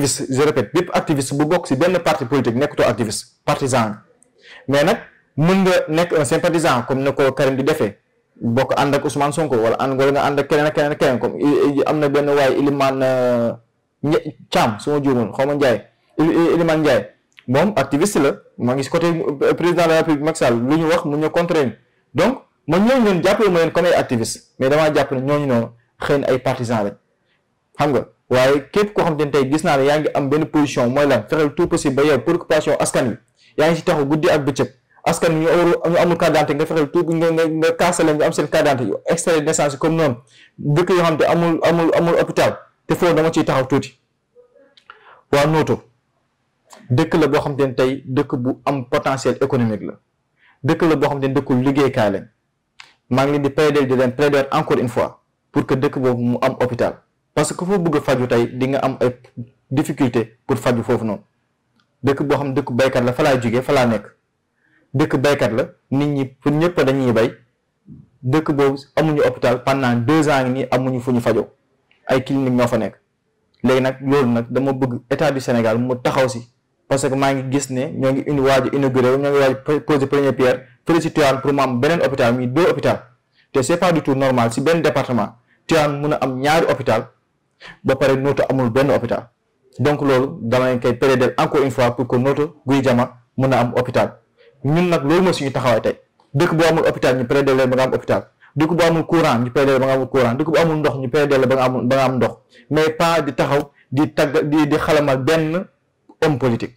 activiste je répète bépp activiste bu bokk ci benn parti politique nekkutoo activiste partisan mais nag mën nga nekk un sympathisant comme ni ko Karim di defee bokk ànd ak Ousmane Sonko wala ànd wala nga ànd ak keneen ak am na benn waaye Iliman euh, Thiam su ma juumul xaw ma Ndiaye Iliman Ndiaye moom activiste la maa ngi ci côté euh, président de la République Macky lu ñu wax mun ñu contrer donc man ñooñu noonu jàppee ma leen comme ay activiste mais damaa jàpp ne ñooñu noonu xëy na ay partisan rek xam nga. waaye képp koo xam te ne tey gis naa ne yaa ngi am benn position mooy lan fexeel tout possible ba yow préoccupation askan wi yaa ngi si taxaw guddi ak bëccëg askan wi ñu amul carte d'identité nga fexeel tout nga nga nga kaasale nga am seen carte d'identité extrait de naissance comme noonu dëkk yoo xam te amul amul amul hôpital te foofu dama ciy taxaw tuuti waa Noto dëkk la boo xam te ni tey dëkk bu am potentiel économique la dëkk la boo xam te ne dëkkul liggéey lañ maa ngi leen di plaider di leen plaider fois pour que dëkk boobu mu am hôpital parce que foo bëgg a faju tey di nga am ay difficulté pour faju foofu noonu dëkk boo xam dëkk baykat la fa laa jógee fa laa nekk dëkk baykat la nit ñi pour ñëpp dañuy bay dëkk boobu amuñu hôpital pendant deux ans ngi nii amuñu fu ñu fajoo ay clinique ñoo fa nekk léegi nag loolu nag dama bëgg état du Sénégal mu taxaw si parce que maa ngi gis ne ñoo ngi indi waaj inauguré ñoo ngi waaj posé pierre fële si Tivaouane pour mu am beneen hôpital muy deux hôpital te c'est pas du tout normal si mun a am ñaari hôpital ba pare Noto amul benn hôpital donc loolu dama koy plaider encore une fois pour que Noto Guy Jama mën a am hôpital ñun nag loolu mooy suñu taxawaay tey dëkk bu amul hôpital ñu plaider ba nga am hôpital dëkk bu amul courant ñu plaider ba nga amul courant dëkk bu amul ndox ñu plaider ba nga am ba ndox mais pas di taxaw di tagg di di xalamal benn homme politique